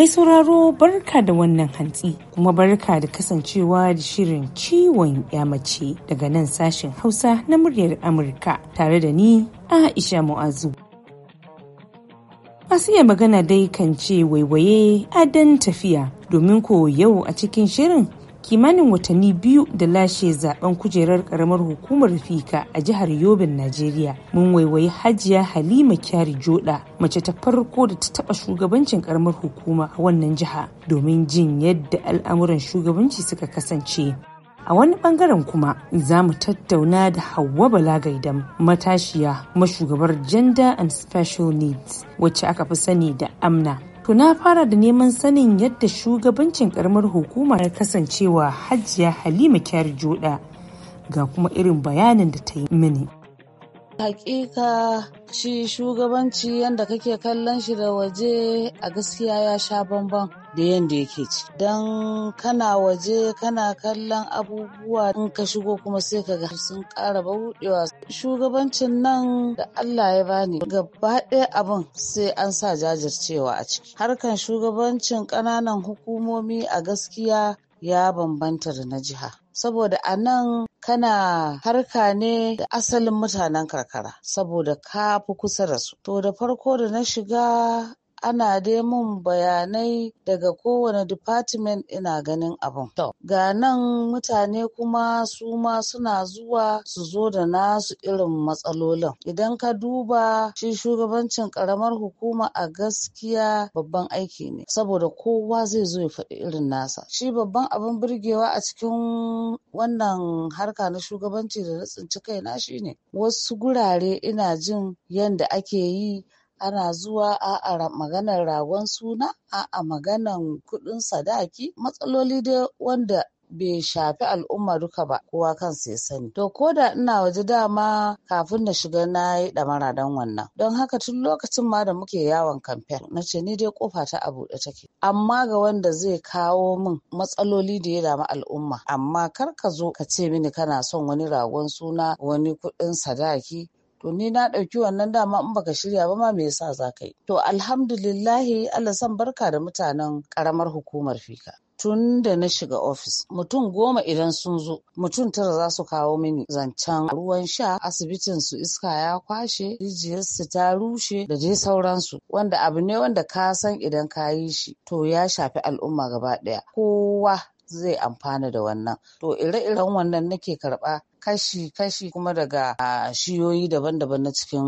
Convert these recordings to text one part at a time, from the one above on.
Mai sauraro barka da wannan hantsi kuma barka da kasancewa da shirin ciwon yamace daga nan sashen Hausa na muryar Amurka tare da ni Aisha Mu'azu. Masu iya magana dai kan ce waiwaye adan tafiya domin ko yau a cikin shirin kimanin watanni biyu da lashe zaben kujerar karamar hukumar fika a jihar yobin najeriya mun waiwayi hajiya halima kyari joda mace ta farko da ta taba shugabancin karamar hukuma a wannan jiha domin jin yadda al'amuran shugabanci suka kasance A wani bangaren kuma za mu tattauna da Hauwa Gaidan, matashiya mashugabar Gender and Special Needs wacce aka fi sani da Amna To na fara da neman sanin yadda shugabancin karamar hukumar kasancewa Hajiya Halima Kyari Joda ga kuma irin bayanin da ta yi mini. Hakika shi shugabanci yadda kake kallon shi da waje a gaskiya ya sha bamban. da yadda yake ci don kana waje kana kallon abubuwa in ka shigo kuma sai ka ga sun kara bauɗewa shugabancin nan da Allah ya bani gaba ɗaya abin sai an sa jajircewa a ciki harkan shugabancin ƙananan hukumomi a gaskiya ya bambanta da na jiha saboda a nan kana harka ne da asalin mutanen karkara saboda ka fi kusa da su to da farko da na shiga ana dai mun bayanai daga kowane department ina ganin abin. Ga nan mutane kuma su ma suna zuwa su zo da nasu irin matsalolin. Idan ka duba shi shugabancin karamar hukuma a gaskiya babban aiki ne saboda kowa zai zo ya faɗi irin nasa. Shi babban abin burgewa a cikin wannan harka na shugabanci da na tsinci kaina shine wasu gurare ina jin yanda ake yi ana zuwa a'a maganar ragon suna a'a maganan kuɗin sadaki matsaloli dai wanda bai shafi al'umma duka ba kowa kansa ya sani to ko da ina waje dama kafin na shiga na yi ɗamara don wannan don haka tun lokacin ma da muke yawon kamfen na ce ni dai kofa ta a buɗe take amma ga wanda zai kawo min matsaloli da ya damu al'umma amma kar ka zo ka ce mini kana son wani ragon suna wani kuɗin sadaki to ni na ɗauki wannan dama in baka shirya ba ma me yasa za ka yi to alhamdulillahi Allah san barka da mutanen Karamar hukumar fika tun da na shiga ofis mutum goma idan sun zo mutum tara za su kawo mini zancen ruwan sha asibitin su iska ya kwashe Rijiyar su ta rushe da dai sauransu wanda abu ne wanda ka san idan ka yi shi to ya shafi al'umma gaba ɗaya kowa zai amfana da wannan to ire-iren wannan nake karba. kashi-kashi kuma daga shiyoyi daban-daban na cikin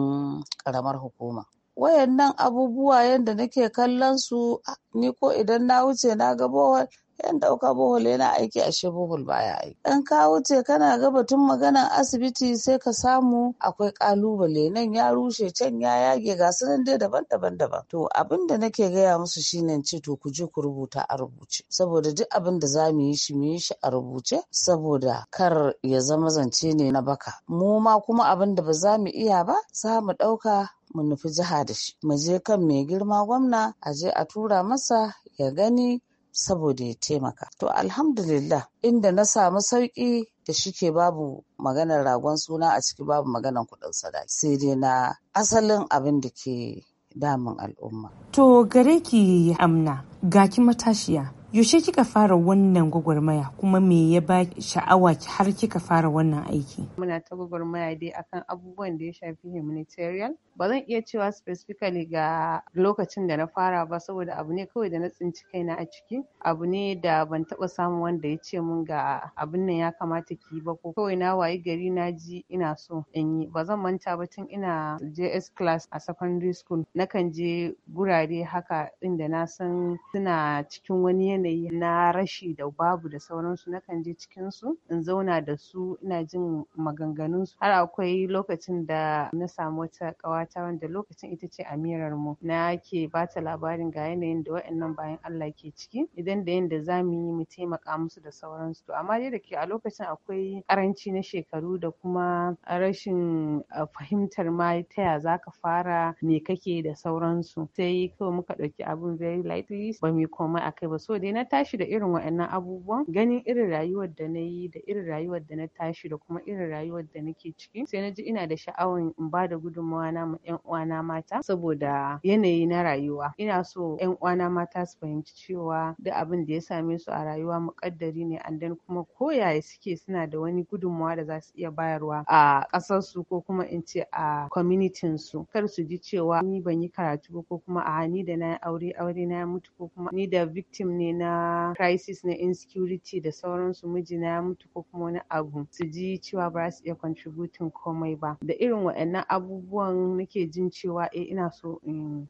karamar hukuma. Wayannan abubuwa yadda nake kallon su ni ko idan na wuce na ga bohol yan dauka bohol yana aiki ashe bohol baya aiki dan ka wuce kana ga batun maganan asibiti sai ka samu akwai kalubale nan ya rushe can ya yage ga su nan dai daban-daban daban to abin da nake gaya musu shine ce to ku je ku rubuta a rubuce saboda duk abin da za mu yi shi mu yi shi a rubuce saboda kar ya zama zance ne na baka mu ma kuma abin da ba za mu iya ba za mu dauka mu nufi jiha da shi mu je kan mai girma gwamna a je a tura masa ya gani saboda ya taimaka. To alhamdulillah inda na samu sauƙi da shi ke babu maganar ragon suna a ciki babu maganar kuɗin sadaki. Sai dai na asalin abin da ke damun al'umma. To gare ki amna ga ki matashiya yaushe kika fara wannan gwagwarmaya kuma me ya ba sha'awa har kika fara wannan aiki muna ta gwagwarmaya dai akan abubuwan da ya shafi humanitarian ba zan iya cewa specifically ga lokacin da na fara ba saboda abu ne kawai da na tsinci kaina a ciki abu ne da ban taba samun wanda ya ce mun ga abin nan ya kamata ki ba ko kawai na wayi gari na ji ina so in yi ba zan manta ba tun ina JS class a secondary school nakan je gurare haka inda na san suna cikin wani yanayi yanayi na rashi da babu da sauransu nakan je cikin su in zauna da su ina jin maganganun su har akwai lokacin da na samu wata ƙawata wanda lokacin ita ce amirar mu na ke bata labarin ga yanayin da wa'annan bayan Allah ke ciki idan da yanda zamu yi mu taimaka musu da sauransu to amma dai da ke a lokacin akwai ƙaranci na shekaru da kuma rashin fahimtar ma ta ya zaka fara me kake da sauransu sai kawai muka ɗauki abun very lightly ba mu yi komai akai ba so dai na tashi da irin waɗannan abubuwan ganin irin rayuwar da na yi da irin rayuwar da na tashi da kuma irin rayuwar da nake ciki sai na ji ina da sha'awar in ba da gudunmawa na ma 'yan uwana mata saboda yanayi na rayuwa ina so 'yan uwana mata su fahimci cewa duk abin da ya same su a rayuwa muƙaddari ne and then kuma ko suke suna da wani gudunmawa da za su iya bayarwa a ƙasar ko kuma in ce a kwaminitin su kar su ji cewa ni ban yi karatu ba ko kuma a ni da na aure aure na mutu ko kuma ni da victim ne na crisis na insecurity da sauransu mijina ya mutu ko kuma wani abu su ji cewa ba su iya contributing komai ba da irin waɗannan abubuwan nake jin cewa eh ina so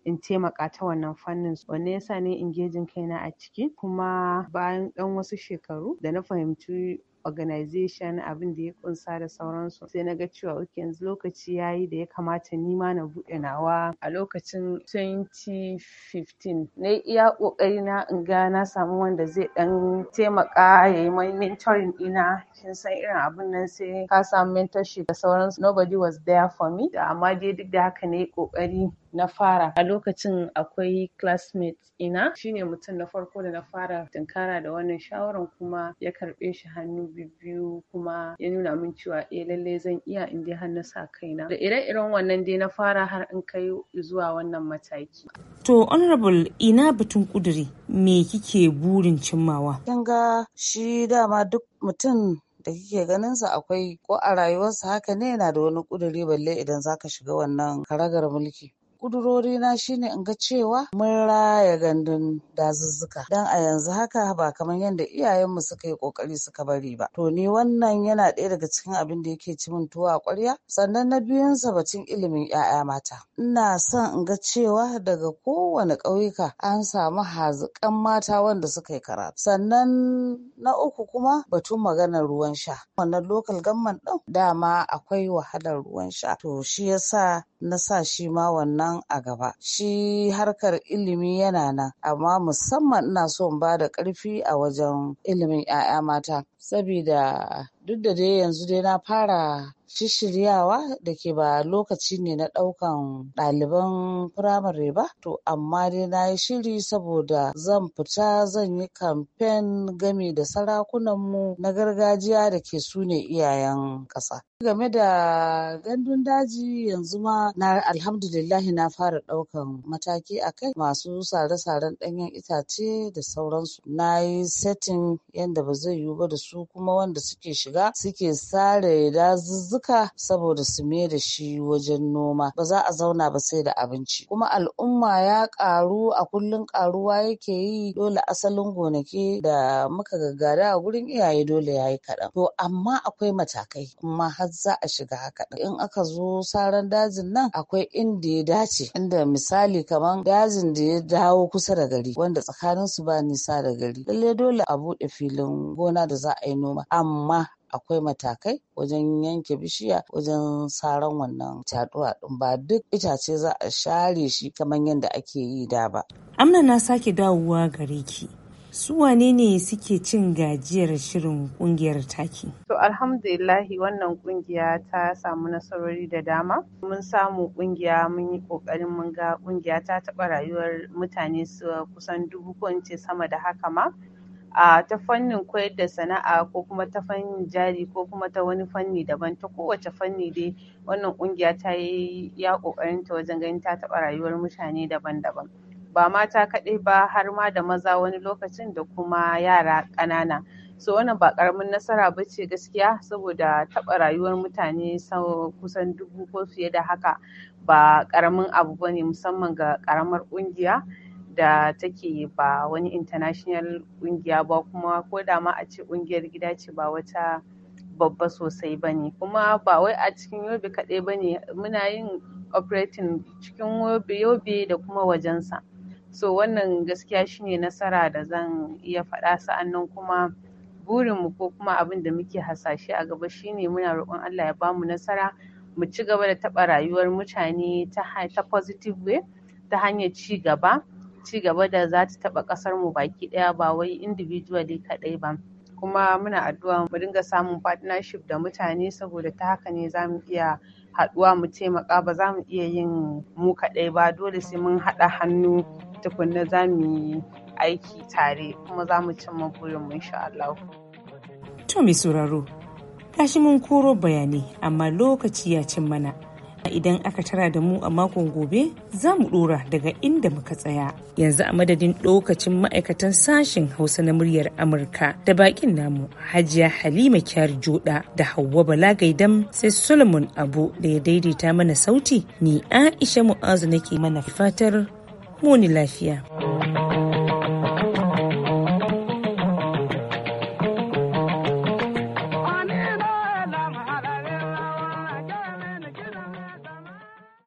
in taimaka ta wannan fannin wanne yasa ne engaging kaina a ciki kuma bayan ɗan wasu shekaru da na fahimci organization abin da ya kunsa da sauransu sai na ga cewa ok yanzu lokaci ya yi da ya kamata ni ma na buɗe nawa a lokacin 2015 na iya ƙoƙari na in ga na samu wanda zai ɗan taimaka ya yi mai mentoring ɗina kin san irin abin nan sai ka samu mentorship da sauransu nobody was there for me amma dai duk da haka yi ƙoƙari na fara a lokacin akwai classmate ina shine mutum na farko da na fara tunkara da wannan shawaran kuma ya karɓe shi hannu biyu kuma ya nuna min cewa eh lallai zan iya in dai hannu sa kaina da ire-iren wannan dai na fara har in kai zuwa wannan mataki to honorable ina batun kuduri me kike burin cimmawa kin ga shi dama duk mutum da kike ganin sa akwai ko a rayuwarsa haka ne yana da wani kuduri balle idan zaka shiga wannan karagar mulki kudurori na shine in ga cewa mun raya gandun dazuzzuka dan a yanzu haka ba kamar yadda iyayenmu suka yi ƙoƙari suka bari ba to ni wannan yana ɗaya daga cikin abin da yake ci min tuwo a ƙwarya sannan na biyunsa batun ilimin 'ya'ya mata ina son in ga cewa daga kowane ƙauyuka an samu haziƙan mata wanda suka yi karatu sannan na uku kuma batun maganar ruwan sha wannan lokal gamman ɗin dama akwai wahalar ruwan sha to shi yasa na sa shi ma wannan a gaba. Shi harkar ilimi yana nan, amma musamman ina so in ba da ƙarfi a wajen ilimin 'ya'ya mata. sabida duk da dai yanzu dai na fara shishiryawa da ke ba lokaci ne na ɗaukan ɗaliban firamare ba to amma dai na yi shiri saboda zan fita zan yi kamfen game da sarakunanmu na gargajiya da ke sune iyayen ƙasa game da gandun daji yanzu ma na alhamdulillahi na fara ɗaukan mataki a kai masu sare-saren ɗanyen itace da sauransu na yi setin yadda ba zai yiwu ba da su su kuma wanda suke shiga suke sare dazuzzuka saboda su me da shi wajen noma ba za a zauna ba sai da abinci kuma al'umma ya karu a kullun karuwa yake yi dole asalin gonaki da muka gaggada a gurin iyaye dole yayi kaɗan to amma akwai matakai kuma har za a shiga haka in aka zo saran dajin nan akwai inda ya dace inda misali kamar dajin da ya dawo kusa da gari wanda tsakanin su ba nisa da gari lalle dole a buɗe filin gona da za ai noma amma akwai matakai wajen yanke bishiya wajen saran wannan caduwa din ba duk itace za a share shi kamar yadda ake yi da ba. Amna na sake dawowa gare ki. su wane ne suke cin gajiyar shirin kungiyar taki? To alhamdulillahi wannan kungiya ta samu nasarori da dama. Mun samu kungiya mun yi kokarin mun ga kungiya ta taɓa rayuwar mutane su kusan dubu ko sama da haka ma. a ta fannin koyar da sana'a ko kuma ta fannin jari ko kuma ta wani fanni daban ta kowace fanni dai wannan ƙungiya ta yi ya kokarin ta wajen ganin ta taɓa rayuwar mutane daban-daban ba mata kaɗai ba har ma da maza wani lokacin da kuma yara ƙanana so wannan ba ƙaramin nasara ba ce gaskiya saboda taɓa rayuwar mutane kusan dubu ko fiye da haka ba ƙaramin abu ba ne musamman ga ƙaramar ƙungiya da take ba wani international ƙungiya ba kuma ko da ma a ce ƙungiyar gida ce ba wata babba sosai ba ne kuma ba wai a cikin yobe kaɗai ba ne muna yin operating cikin yobe yobe da kuma wajensa so wannan gaskiya shine nasara da zan iya faɗa sa'annan kuma burin mu ko kuma abin da muke hasashe a gaba shine muna roƙon Allah ya bamu nasara mu ci gaba da taɓa rayuwar mutane ta positive way ta hanyar ci gaba ci gaba da za taɓa ƙasar mu baki ɗaya ba wai individually kaɗai ba kuma muna addu'a mu dinga samun partnership da mutane saboda ta haka ne za mu iya haɗuwa mu taimaka ba za mu iya yin mu kaɗai ba dole sai mun haɗa hannu tukunna za mu yi aiki tare kuma za mu cimma mu insha Allah. To mai sauraro, tashi mun koro bayani amma lokaci ya cin mana. idan aka tara da mu a makon gobe za mu dora daga inda muka tsaya yanzu a madadin lokacin ma'aikatan sashen hausa na muryar amurka da bakin namu hajiya halima kyar joda da hauwa bala gaidan sai solomon abu da ya daidaita mana sauti ni aisha mu'azu nake mana fatar muni lafiya.